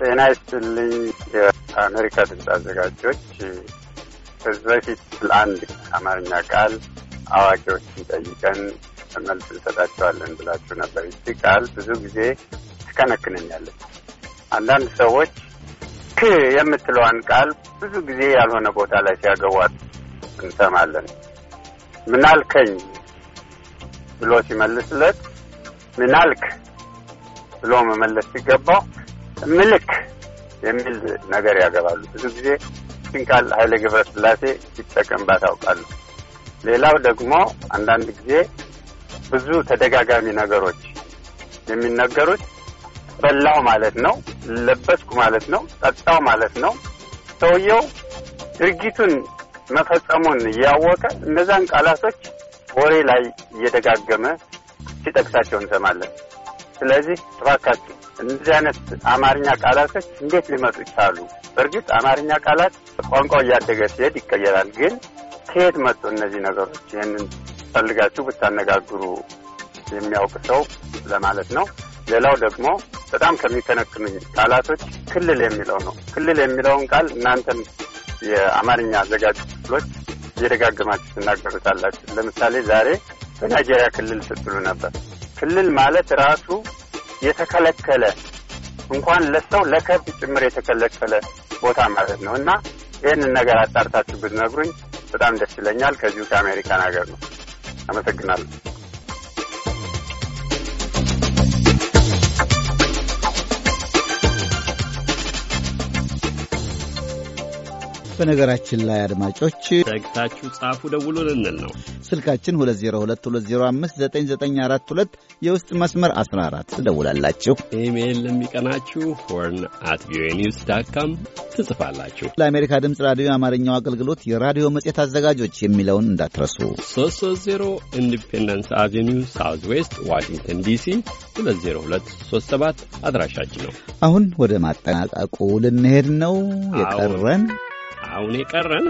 ጤና ይስጥልኝ። የአሜሪካ ድምፅ አዘጋጆች ከዚህ በፊት ለአንድ አማርኛ ቃል አዋቂዎችን ጠይቀን መልስ እንሰጣቸዋለን ብላችሁ ነበር። ይቺ ቃል ብዙ ጊዜ ትከነክነኛለች። አንዳንድ ሰዎች ክ የምትለዋን ቃል ብዙ ጊዜ ያልሆነ ቦታ ላይ ሲያገቧት እንሰማለን። ምናልከኝ ብሎ ሲመልስለት ምናልክ ብሎ መመለስ ሲገባው ምልክ የሚል ነገር ያገባሉ። ብዙ ጊዜ ይህችን ቃል ኃይለ ገብረ ሥላሴ ሲጠቀምባት ያውቃሉ። ሌላው ደግሞ አንዳንድ ጊዜ ብዙ ተደጋጋሚ ነገሮች የሚነገሩት በላው ማለት ነው፣ ለበስኩ ማለት ነው፣ ጠጣው ማለት ነው። ሰውየው ድርጊቱን መፈጸሙን እያወቀ እነዛን ቃላቶች ወሬ ላይ እየደጋገመ ሲጠቅሳቸው እንሰማለን። ስለዚህ እባካችሁ እነዚህ አይነት አማርኛ ቃላቶች እንዴት ሊመጡ ይቻሉ? በእርግጥ አማርኛ ቃላት ቋንቋው እያደገ ሲሄድ ይቀየራል። ግን ከየት መጡ እነዚህ ነገሮች? ይህንን ፈልጋችሁ ብታነጋግሩ የሚያውቅ ሰው ለማለት ነው። ሌላው ደግሞ በጣም ከሚከነክኑኝ ቃላቶች ክልል የሚለው ነው። ክልል የሚለውን ቃል እናንተም የአማርኛ አዘጋጅ ክፍሎች እየደጋገማችሁ ትናገሩታላችሁ። ለምሳሌ ዛሬ በናይጄሪያ ክልል ስትሉ ነበር። ክልል ማለት ራሱ የተከለከለ እንኳን ለሰው ለከብት ጭምር የተከለከለ ቦታ ማለት ነው እና ይህንን ነገር አጣርታችሁ ብትነግሩኝ በጣም ደስ ይለኛል። ከዚሁ ከአሜሪካን ሀገር ነው። አመሰግናለሁ። በነገራችን ላይ አድማጮች ተግታችሁ ጻፉ፣ ደውሉ ልንል ነው። ስልካችን 2022059942 የውስጥ መስመር 14 ትደውላላችሁ። ኢሜይል ለሚቀናችሁ ሆርን አት ቪኦኤ ኒውስ ዳት ካም ትጽፋላችሁ። ለአሜሪካ ድምፅ ራዲዮ የአማርኛው አገልግሎት የራዲዮ መጽሔት አዘጋጆች የሚለውን እንዳትረሱ። 330 ኢንዲፔንደንስ አቬኒው ሳውዝ ዌስት ዋሽንግተን ዲሲ 20237 አድራሻችን ነው። አሁን ወደ ማጠናቀቁ ልንሄድ ነው የቀረን አሁን የቀረን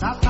Stop